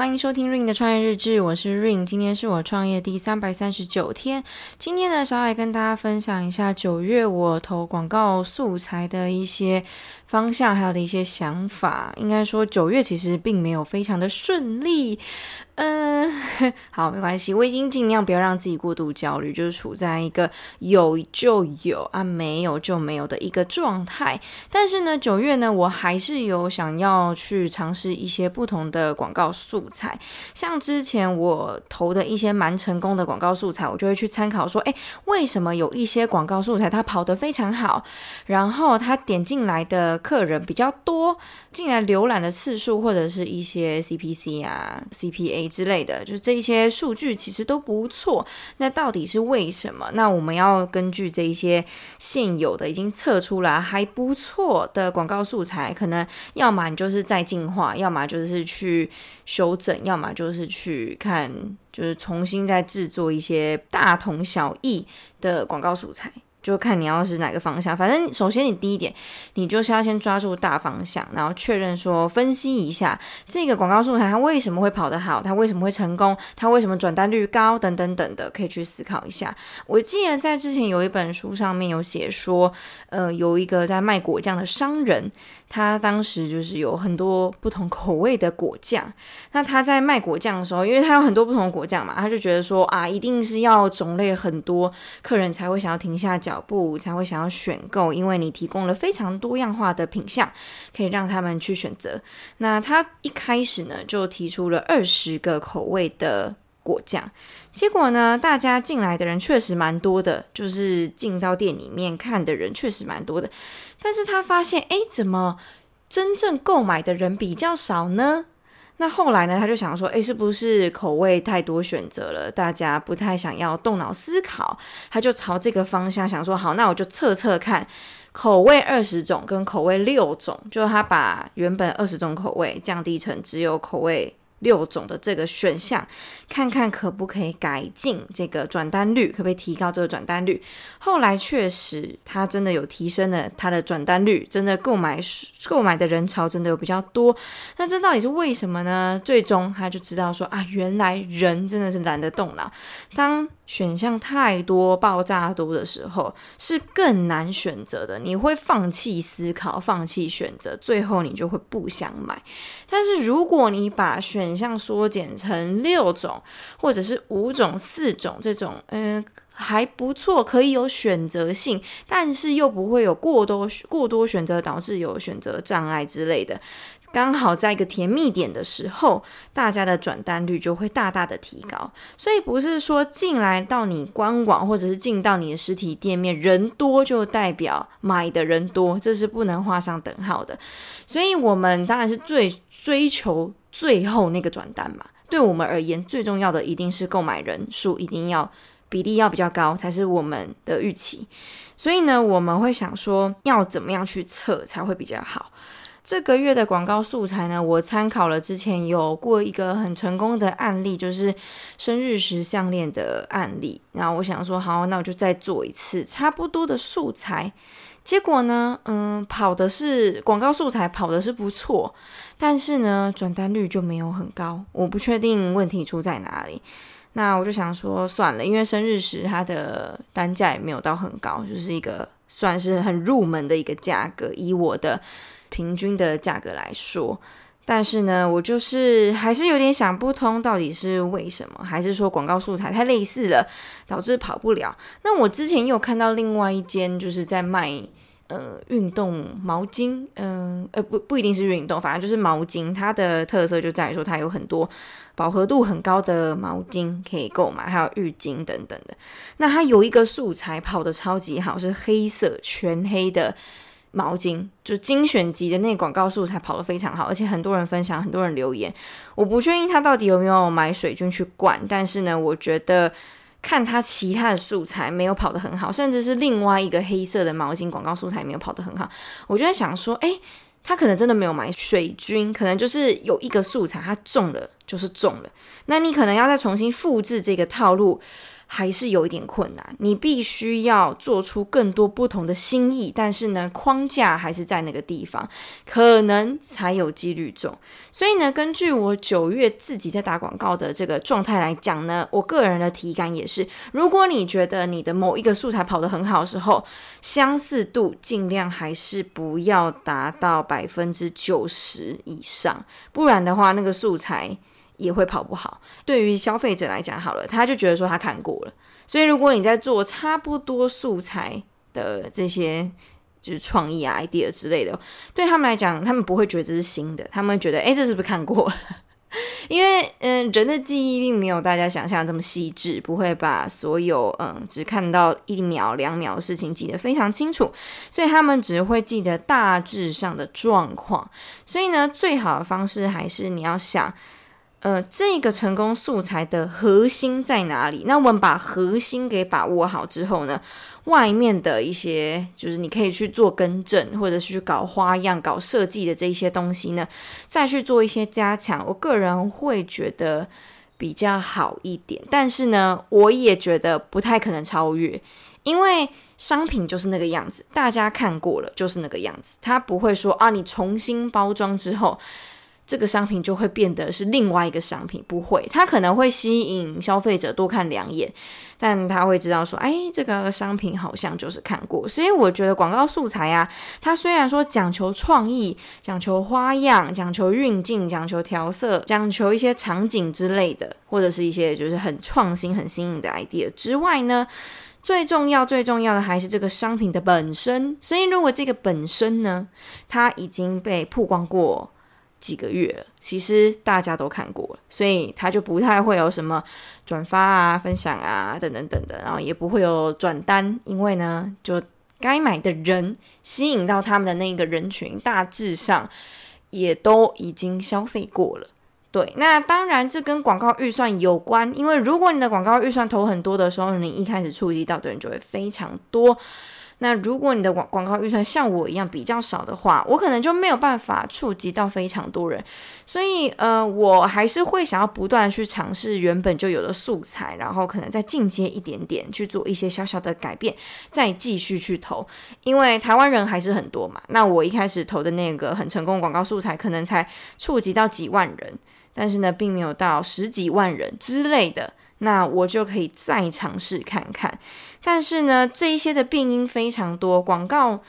歡迎收聽 Ring 的創業日志，我是 Ring，今天是我創業第三百三十九天。今天呢，想要來跟大家分享一下九月我投廣告素材的一些方向，還有的一些想法。應該說，九月其實並沒有非常的順利。嗯，好，沒關係，我已經盡量不要讓自己過度焦慮，就是處在一個有就有啊，沒有就沒有的一個狀態。但是呢，九月呢，我還是有想要去嘗試一些不同的廣告素材，像之前我投的一些蠻成功的廣告素材，我就會去參考說，欸，為什麼有一些廣告素材它跑得非常好，然後它點進來的客人比較多，進來瀏覽的次數或者是一些 CPC 啊、CPA。之類的，就這些數據其實都不錯。那到底是為什麼？那我們要根據這一些現有的已經測出來還不錯的廣告素材，可能要麼你就是再進化，要麼就是去修整，要麼就是去看，就是重新再製作一些大同小異的廣告素材。就看你要是哪個方向，反正首先你第一點，你就是要先抓住大方向，然後確認說分析一下這個廣告素材它為什麼會跑得好，它為什麼會成功，它為什麼轉單率高，等等等等的，可以去思考一下。我記得在之前有一本書上面有寫說，呃，有一個在賣果醬的商人。他當時就是有很多不同口味的果醬。那他在賣果醬的時候，因為他有很多不同的果醬嘛，他就覺得說啊，一定是要種類很多，客人才會想要停下腳步，才會想要選購，因為你提供了非常多樣化的品項，可以讓他們去選擇。那他一開始呢，就提出了二十個口味的。果醬，結果呢？大家進來的人確實蠻多的，就是進到店裡面看的人確實蠻多的。但是他發現，哎，怎麼真正購買的人比較少呢？那後來呢，他就想說，哎，是不是口味太多選擇了，大家不太想要動腦思考。他就朝這個方向想說，好，那我就測測看，口味二十種跟口味六種，就他把原本二十種口味降低成只有口味。六種的這個選項，看看可不可以改進這個轉單率，可不可以提高這個轉單率？後來確實，它真的有提升了它的轉單率，真的購買購買的人潮真的有比較多。那這到底是為什麼呢？最終他就知道說啊，原來人真的是懶得動腦。當選項太多、爆炸多的時候，是更難選擇的，你會放棄思考，放棄選擇，最後你就會不想買。但是如果你把選影像縮減成六種，或者是五種、四種這種，嗯、呃，還不錯，可以有選擇性，但是又不會有過多過多選擇，導致有選擇障礙之類的。剛好在一個甜蜜點的時候，大家的轉單率就會大大的提高。所以不是說進來到你官網，或者是進到你的實體店面，人多就代表買的人多，這是不能畫上等號的。所以我們當然是最追求。最後那個轉單嘛，對我們而言最重要的一定是購買人數，一定要比例要比較高，才是我們的預期。所以呢，我們會想說要怎麼樣去測才會比較好。這個月的廣告素材呢，我參考了之前有過一個很成功的案例，就是生日時項鏈的案例。然後我想說，好，那我就再做一次差不多的素材。結果呢，嗯，跑的是廣告素材，跑的是不錯，但是呢，轉單率就沒有很高。我不確定問題出在哪裡。那我就想說，算了，因為生日時它的單價也沒有到很高，就是一個算是很入門的一個價格，以我的平均的價格來說。但是呢，我就是還是有點想不通，到底是為什麼？還是說廣告素材太類似了，導致跑不了？那我之前又看到另外一間，就是在賣呃運動毛巾，嗯呃、呃不不一定是運動，反正就是毛巾。它的特色就在於說，它有很多飽和度很高的毛巾可以購買，還有浴巾等等的。那它有一個素材跑得超級好，是黑色全黑的。毛巾就精選集的那個廣告素材跑得非常好，而且很多人分享，很多人留言。我不確定他到底有沒有買水軍去灌，但是呢，我覺得看他其他的素材沒有跑得很好，甚至是另外一個黑色的毛巾廣告素材也沒有跑得很好。我就在想說，誒、欸，他可能真的沒有買水軍，可能就是有一個素材他中了就是中了，那你可能要再重新複製這個套路。還是有一點困難，你必須要做出更多不同的心意，但是呢，框架還是在那個地方，可能才有幾率中。所以呢，根據我九月自己在打廣告的這個狀態來講呢，我個人的體感也是，如果你覺得你的某一個素材跑得很好的時候，相似度盡量還是不要達到百分之九十以上，不然的話，那個素材。也會跑不好。對於消費者來講，好了，他就覺得說他看過了。所以如果你在做差不多素材的這些，就是創意啊、idea 之類的，對他們來講，他們不會覺得這是新的，他們覺得誒，這是不是看過了？ 因為嗯，人的記憶並沒有大家想象這麼細緻，不會把所有嗯只看到一秒兩秒的事情記得非常清楚，所以他們只會記得大致上的狀況。所以呢，最好的方式還是你要想。呃，這個成功素材的核心在哪裡？那我們把核心給把握好之後呢，外面的一些就是你可以去做更正，或者是去搞花樣、搞設計的這些東西呢，再去做一些加強，我個人會覺得比較好一點。但是呢，我也覺得不太可能超越，因為商品就是那個樣子，大家看過了就是那個樣子，他不會說啊，你重新包裝之後。這個商品就會變得是另外一個商品，不會，它可能會吸引消費者多看兩眼，但他會知道說，哎、欸，這個商品好像就是看過。所以我覺得廣告素材啊，它雖然說講求創意、講求花樣、講求運鏡、講求調色、講求一些場景之類的，或者是一些就是很創新、很新穎的 idea 之外呢，最重要、最重要的還是這個商品的本身。所以如果這個本身呢，它已經被曝光過。幾個月了，其實大家都看過了，所以他就不太會有什麼轉發啊、分享啊等等等等，然後也不會有轉單，因為呢，就該買的人吸引到他們的那一個人群，大致上也都已經消費過了。對，那當然這跟廣告預算有關，因為如果你的廣告預算投很多的時候，你一開始觸及到的人就會非常多。那如果你的廣廣告預算像我一樣比較少的話，我可能就沒有辦法觸及到非常多人，所以呃，我還是會想要不斷去嘗試原本就有的素材，然後可能再進階一點點去做一些小小的改變，再繼續去投，因為台灣人還是很多嘛。那我一開始投的那個很成功的廣告素材，可能才觸及到幾萬人，但是呢，並沒有到十幾萬人之類的。那我就可以再嘗試看看，但是呢，這一些的病因非常多，廣告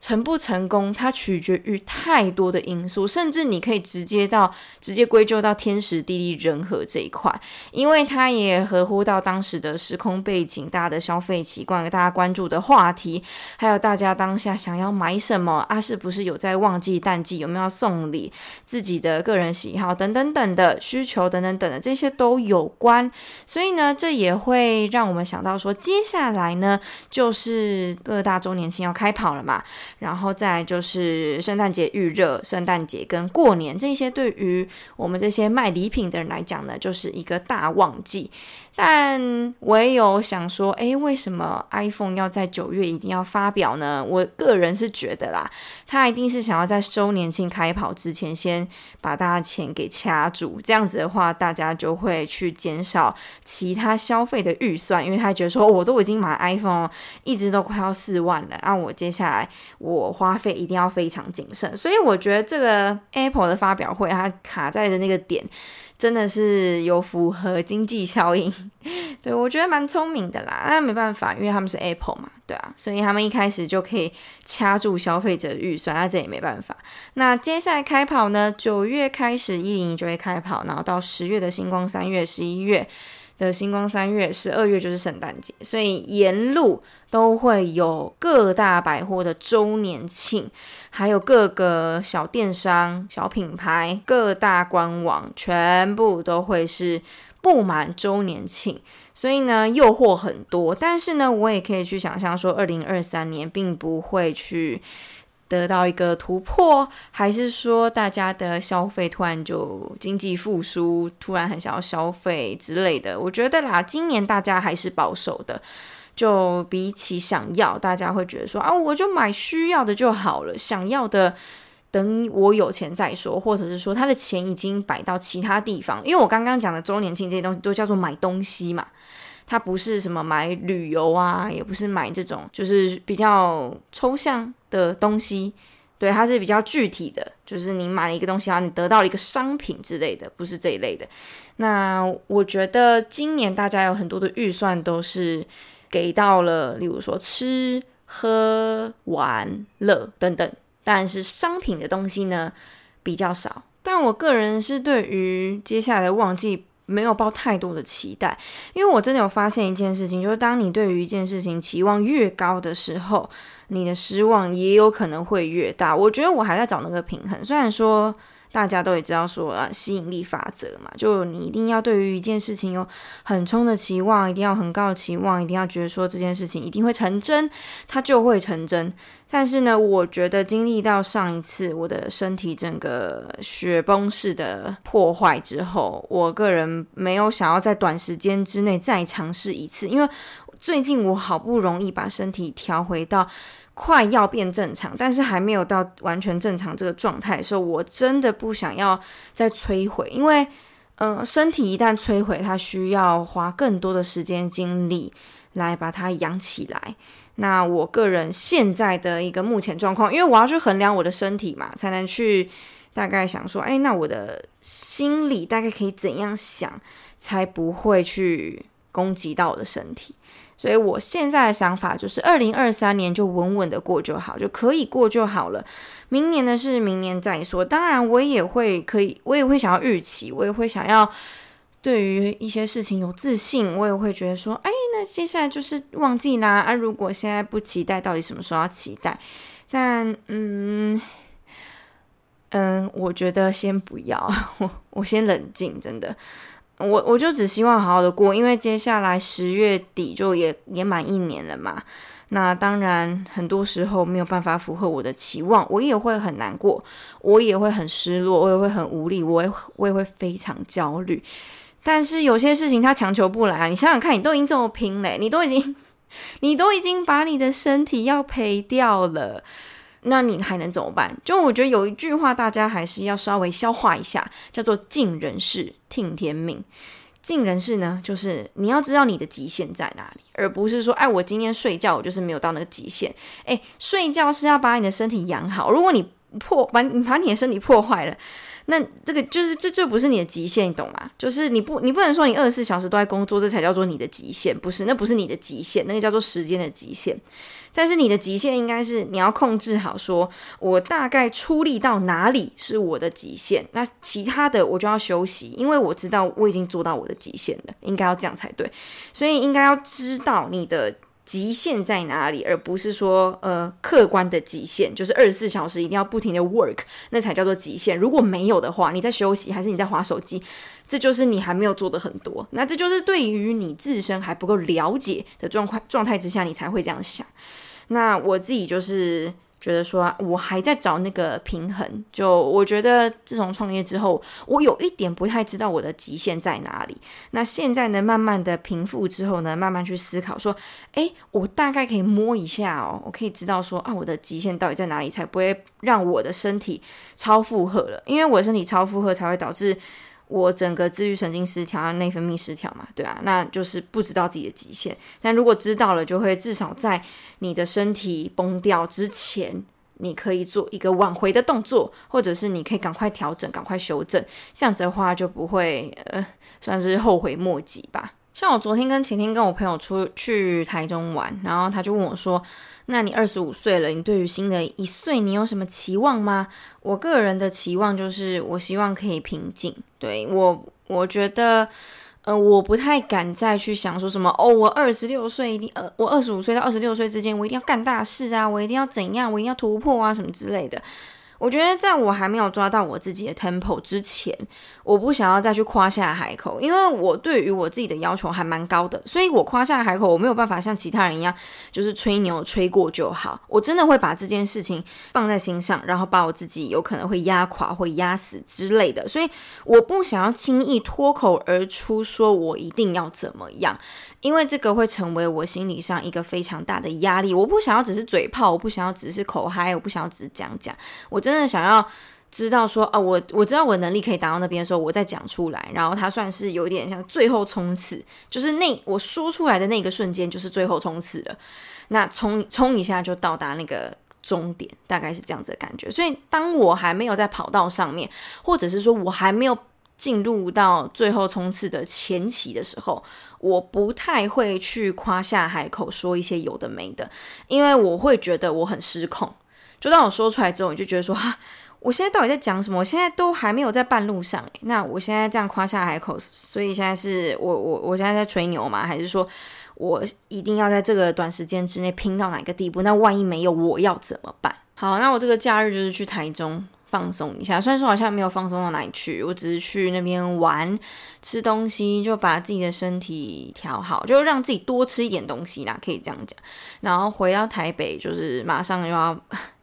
成不成功，它取決於太多的因素，甚至你可以直接到直接歸咎到天時地利人和這一塊，因為它也合乎到當時的時空背景、大家的消費習慣、大家關注的話題、還有大家當下想要買什麼啊，是不是有在旺季淡季，有沒有要送禮、自己的個人喜好等等等的需求等等等，等的這些都有關，所以呢，這也會讓我們想到說，接下來呢，就是各大周年慶要開跑了嘛。然後再來就是聖誕節預熱，聖誕節跟過年這些，對於我們這些賣禮品的人來講呢，就是一個大旺季。但我也有想說，哎、欸，為什麼 iPhone 要在九月一定要發表呢？我個人是覺得啦，他一定是想要在週年慶開跑之前，先把大家錢給掐住。這樣子的話，大家就會去減少其他消費的預算，因為他覺得說，哦、我都已經買 iPhone，一直都快要四萬了，那、啊、我接下來我花費一定要非常謹慎。所以我覺得這個 Apple 的發表會，它卡在的那個點。真的是有符合經濟效應，對，我覺得蠻聰明的啦。那沒辦法，因為他們是 Apple 嘛，對啊，所以他們一開始就可以掐住消費者的預算，那這也沒辦法。那接下來開跑呢？九月開始，一零一就會開跑，然後到十月的新光，三越、十一月。的星光三月，十二月就是聖誕節，所以沿路都會有各大百貨的周年慶，還有各個小電商、小品牌、各大官網，全部都會是布滿周年慶，所以呢，誘惑很多。但是呢，我也可以去想象說，二零二三年並不會去。得到一個突破，還是說大家的消費突然就經濟復甦，突然很想要消費之類的？我覺得啦，今年大家還是保守的，就比起想要，大家會覺得說啊，我就買需要的就好了，想要的等我有錢再說，或者是說他的錢已經擺到其他地方。因為我剛剛講的周年慶這些東西都叫做買東西嘛。它不是什麼買旅遊啊，也不是買這種就是比較抽象的東西，對，它是比較具體的，就是你買了一個東西，然後你得到了一個商品之類的，不是這一類的。那我覺得今年大家有很多的預算都是給到了，例如說吃喝玩樂等等，但是商品的東西呢比較少。但我個人是對於接下來的旺季，沒有抱太多的期待，因為我真的有發現一件事情，就是當你對於一件事情期望越高的時候，你的失望也有可能會越大。我覺得我還在找那個平衡，雖然說。大家都也知道說啊，吸引力法則嘛，就你一定要對於一件事情有很衝的期望，一定要很高的期望，一定要覺得說這件事情一定會成真，它就會成真。但是呢，我覺得經歷到上一次我的身體整個雪崩式的破壞之後，我個人沒有想要在短時間之內再嘗試一次，因為最近我好不容易把身體調回到。快要變正常，但是還沒有到完全正常這個狀態的時候，所以我真的不想要再摧毀，因為，嗯、呃，身體一旦摧毀，它需要花更多的時間精力來把它養起來。那我個人現在的一個目前狀況，因為我要去衡量我的身體嘛，才能去大概想說，哎、欸，那我的心理大概可以怎樣想，才不會去攻擊到我的身體。所以我現在的想法就是，二零二三年就穩穩的過就好，就可以過就好了。明年的事，明年再說。當然，我也會可以，我也會想要預期，我也會想要對於一些事情有自信，我也會覺得說，哎，那接下來就是旺季啦。啊，如果現在不期待，到底什麼時候要期待？但，嗯嗯，我覺得先不要，我，我先冷靜，真的。我我就只希望好好的過，因為接下來十月底就也也滿一年了嘛。那當然，很多時候沒有辦法符合我的期望，我也會很難過，我也會很失落，我也會很無力，我也我也會非常焦慮。但是有些事情他強求不來啊，你想想看，你都已經這麼拼嘞，你都已經，你都已經把你的身體要賠掉了。那你還能怎麼辦？就我覺得有一句話，大家還是要稍微消化一下，叫做“盡人事，聽天命”。盡人事呢，就是你要知道你的極限在哪裡，而不是說，哎，我今天睡覺，我就是沒有到那個極限。哎，睡覺是要把你的身體養好，如果你破把你把你的身體破壞了。那這個就是這，這就不是你的極限，你懂嗎？就是你不，你不能說你二十四小時都在工作，這才叫做你的極限，不是，那不是你的極限，那個叫做時間的極限。但是你的極限應該是你要控制好，說我大概出力到哪裡是我的極限，那其他的我就要休息，因為我知道我已經做到我的極限了，應該要這樣才對。所以應該要知道你的。極限在哪裡，而不是說，呃，客觀的極限就是二十四小時一定要不停地 work，那才叫做極限。如果沒有的話，你在休息還是你在滑手機，這就是你還沒有做得很多。那這就是對於你自身還不夠了解的狀況狀態之下，你才會這樣想。那我自己就是。覺得說，我還在找那個平衡。就我覺得，自從創業之後，我有一點不太知道我的極限在哪裡。那現在呢，慢慢的平復之後呢，慢慢去思考說，誒，我大概可以摸一下哦，我可以知道說啊，我的極限到底在哪裡，才不會讓我的身體超負荷了。因為我的身體超負荷，才會導致。我整個自律神經失調，內分泌失調嘛，對啊，那就是不知道自己的極限。但如果知道了，就會至少在你的身體崩掉之前，你可以做一個挽回的動作，或者是你可以趕快調整，趕快修正，這樣子的話就不會，呃，算是後悔莫及吧。像我昨天跟前天跟我朋友出去台中玩，然後他就問我說：“那你二十五歲了，你對於新的一歲，你有什麼期望嗎？”我個人的期望就是，我希望可以平靜。對我，我覺得，呃，我不太敢再去想說什麼。哦，我二十六歲一定，呃，我二十五歲到二十六歲之間，我一定要幹大事啊！我一定要怎樣？我一定要突破啊，什麼之類的。我覺得在我還沒有抓到我自己的 tempo 之前，我不想要再去誇下海口，因為我對於我自己的要求還蠻高的，所以我誇下海口，我沒有辦法像其他人一樣，就是吹牛吹過就好。我真的會把這件事情放在心上，然後把我自己有可能會壓垮、會壓死之類的，所以我不想要輕易脫口而出說我一定要怎麼樣，因為這個會成為我心理上一個非常大的壓力。我不想要只是嘴炮，我不想要只是口嗨，我不想要只是講講，我真的。真的想要知道說啊，哦，我我知道我能力可以達到那邊的時候，我再講出來。然後他算是有點像最後衝刺，就是那我說出來的那個瞬間就是最後衝刺了。那衝衝一下就到達那個終點，大概是這樣子的感覺。所以當我還沒有在跑道上面，或者是說我還沒有進入到最後衝刺的前期的時候，我不太會去誇下海口說一些有的沒的，因為我會覺得我很失控。就當我說出來之後，你就覺得說啊，我現在到底在講什麼？我現在都還沒有在半路上，誒，那我現在這樣誇下海口，所以現在是我我我現在在吹牛嘛？還是說我一定要在這個短時間之內拼到哪個地步？那萬一沒有，我要怎麼辦？好，那我這個假日就是去台中放鬆一下，雖然說好像沒有放鬆到哪裡去，我只是去那邊玩、吃東西，就把自己的身體調好，就讓自己多吃一點東西啦，可以這樣講。然後回到台北，就是馬上又要。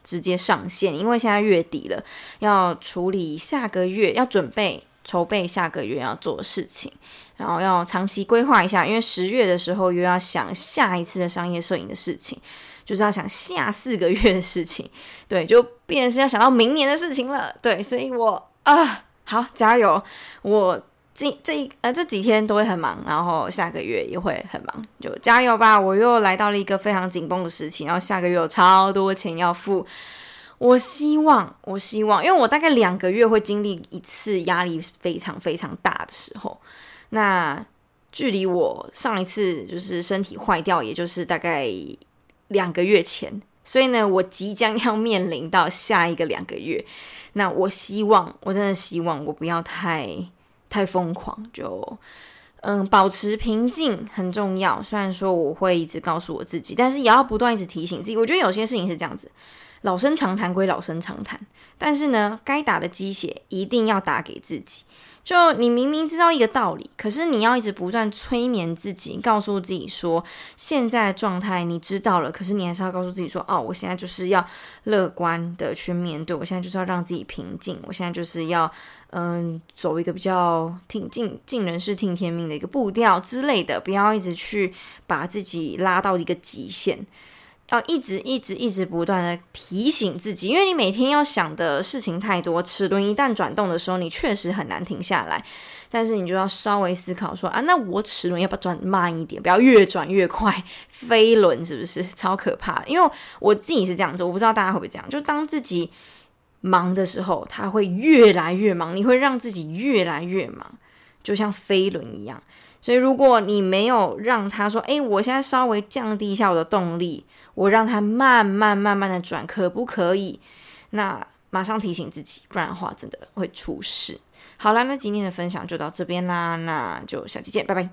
直接上線，因為現在月底了，要處理下個月要準備籌備下個月要做的事情，然後要長期規劃一下，因為十月的時候又要想下一次的商業攝影的事情，就是要想下四個月的事情，對，就必然是要想到明年的事情了，對，所以我啊，好加油，我。這這呃這幾天都會很忙，然後下個月也會很忙，就加油吧！我又來到了一個非常緊繃的時期，然後下個月有超多錢要付。我希望，我希望，因為我大概兩個月會經歷一次壓力非常非常大的時候。那距離我上一次就是身體壞掉，也就是大概兩個月前，所以呢，我即將要面臨到下一個兩個月。那我希望，我真的希望我不要太。太瘋狂就，嗯，保持平靜很重要。雖然說我會一直告訴我自己，但是也要不斷一直提醒自己。我覺得有些事情是這樣子。老生常談歸老生常談，但是呢，該打的雞血一定要打給自己。就你明明知道一個道理，可是你要一直不斷催眠自己，告訴自己說，現在的狀態你知道了，可是你還是要告訴自己說，哦，我現在就是要樂觀的去面對，我現在就是要讓自己平靜，我現在就是要嗯、呃，走一個比較挺盡盡人事聽天命的一個步調之類的，不要一直去把自己拉到一個極限。要一直一直一直不斷的提醒自己，因為你每天要想的事情太多，齒輪一旦轉動的時候，你確實很難停下來。但是你就要稍微思考說啊，那我齒輪要不要轉慢一點，不要越轉越快，飛輪是不是超可怕？因為我自己是這樣子，我不知道大家會不會這樣，就當自己忙的時候，他會越來越忙，你會讓自己越來越忙，就像飛輪一樣。所以如果你沒有讓他說，誒、欸，我現在稍微降低一下我的動力。我讓他慢慢慢慢的轉，可不可以？那馬上提醒自己，不然的話真的會出事。好啦，那今天的分享就到這邊啦，那就下期見，拜拜。